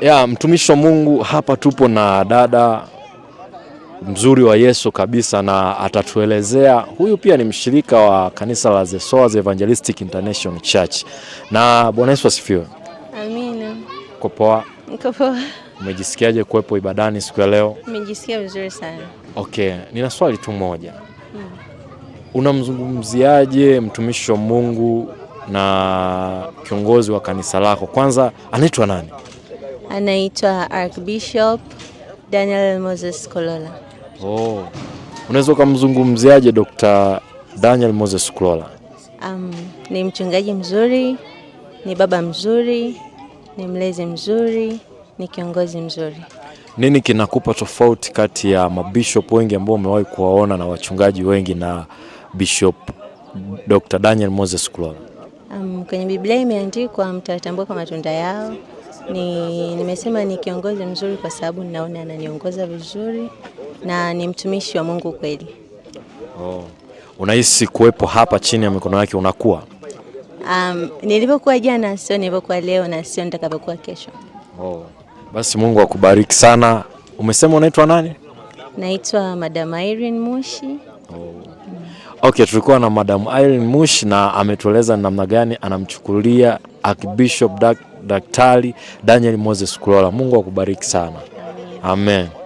Ya mtumishi wa Mungu, hapa tupo na dada mzuri wa Yesu kabisa, na atatuelezea. Huyu pia ni mshirika wa kanisa la The Sowers Evangelistic International Church, na Bwana Yesu asifiwe. Amina. Uko poa? Niko poa. Umejisikiaje kuwepo ibadani siku ya leo? Nimejisikia vizuri sana. Okay, nina swali tu moja. Hmm. Unamzungumziaje mtumishi wa Mungu na kiongozi wa kanisa lako? Kwanza anaitwa nani? anaitwa Archbishop Daniel Moses Kolola. Oh. Unaweza ukamzungumziaje Dr. Daniel Moses Kolola? Um, ni mchungaji mzuri, ni baba mzuri, ni mlezi mzuri, ni kiongozi mzuri. Nini kinakupa tofauti kati ya mabishop wengi ambao umewahi kuwaona na wachungaji wengi na Bishop Dr. Daniel Moses Kolola? Um, kwenye Biblia imeandikwa mtatambua kwa matunda yao ni, nimesema ni kiongozi mzuri kwa sababu ninaona ananiongoza vizuri na ni mtumishi wa Mungu kweli. Oh. Unahisi kuwepo hapa chini ya mikono yake unakuwa? Um, nilivyokuwa jana sio nilivyokuwa leo na sio nitakavyokuwa kesho. Oh. Basi Mungu akubariki sana. Umesema unaitwa nani? Naitwa Madam Irene Mushi. Oh. Okay, tulikuwa na Madam Irene Mushi na ametueleza namna gani anamchukulia Archbishop Daktari Daniel Moses Kulola. Mungu akubariki sana, amen.